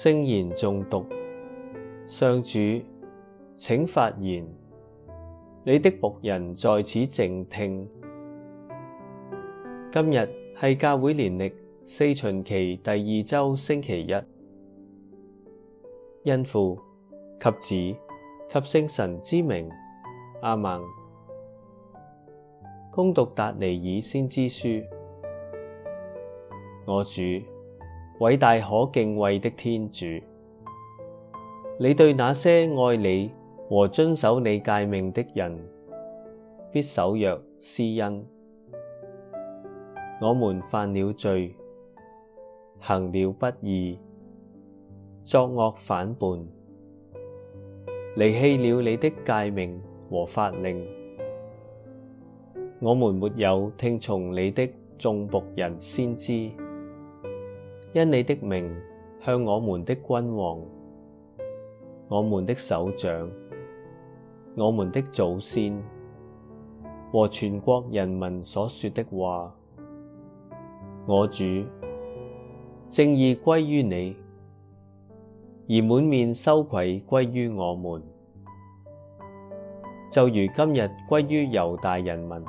聖言誦讀，上主，請發言，你的僕人在此靜聽。今日係教會年曆四旬期第二周星期一，因父及子及聖神之名，阿孟。恭讀達尼爾先知書，我主。偉大可敬畏的天主，你對那些愛你和遵守你誡命的人，必守約施恩。我們犯了罪，行了不義，作惡反叛，離棄了你的誡命和法令。我們沒有聽從你的眾僕人先知，因你的名向我們的君王、我們的首長、我們的祖先和全國人民所說的話，我主，正義歸於你，而滿面羞愧歸，歸於我們，就如今日歸於猶大人民，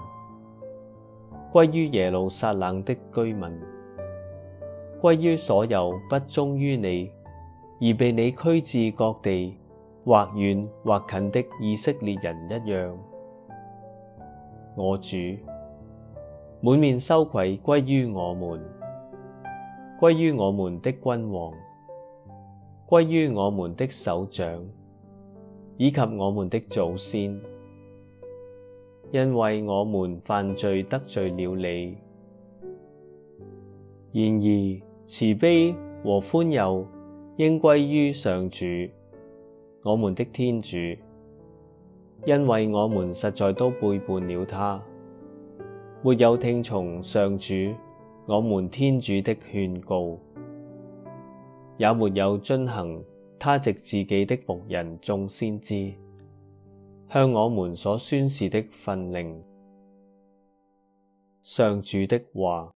歸於耶路撒冷的居民。歸於所有不忠於你而被你驅至各地或遠或近的以色列人一樣，我主，滿面羞愧歸於我們，歸於我們的君王，歸於我們的首長以及我們的祖先，因為我們犯罪得罪了你。然而，慈悲和寬宥應歸於上主我們的天主，因為我們實在都背叛了他，沒有聽從上主我們天主的勸告，也沒有遵行他藉自己的僕人眾先知，向我們所宣示的訓令，上主的話。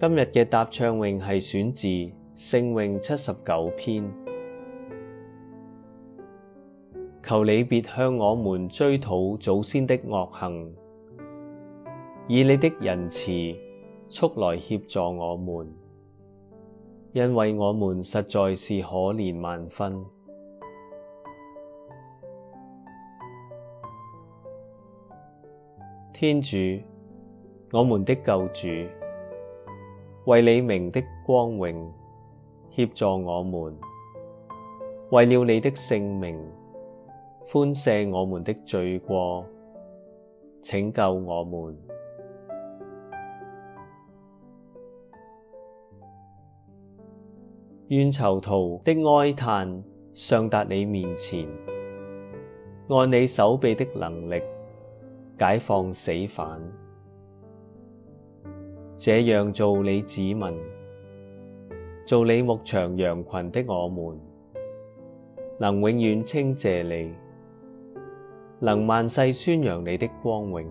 今日嘅答唱詠係選自聖詠七十九篇，求你別向我們追討祖先的惡行，以你的仁慈速來協助我們，因為我們實在是可憐萬分。天主，我們的救主。為你名的光榮，協助我們，為了你的聖名，寬赦我們的罪過，拯救我們。願 囚徒的哀嘆上達你面前，按你手臂的能力解放死犯。這樣做，你子民，做你牧場羊群的我們，能永遠稱謝你，能萬世宣揚你的光榮。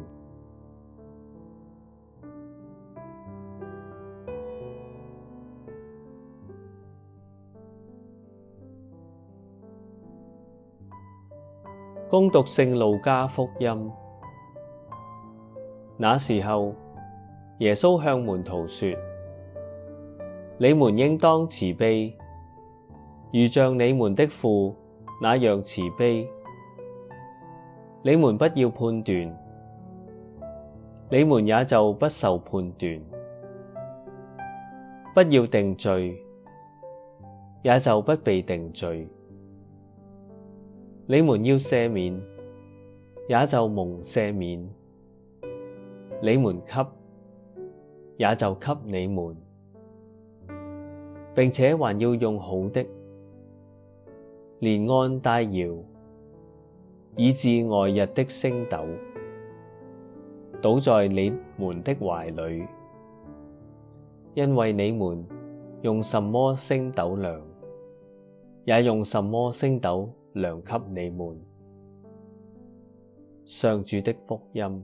恭讀聖路加福音，那時候。耶穌向門徒說：你們應當慈悲，如像你們的父那樣慈悲。你們不要判斷，你們也就不受判斷；不要定罪，也就不被定罪。你們要赦免，也就蒙赦免。你們給。也就給你們，並且還要用好的，連按帶搖，以致外溢的升斗，倒在你們的懷裏，因為你們用什麼升斗量，也用什麼升斗量給你們。上主的福音。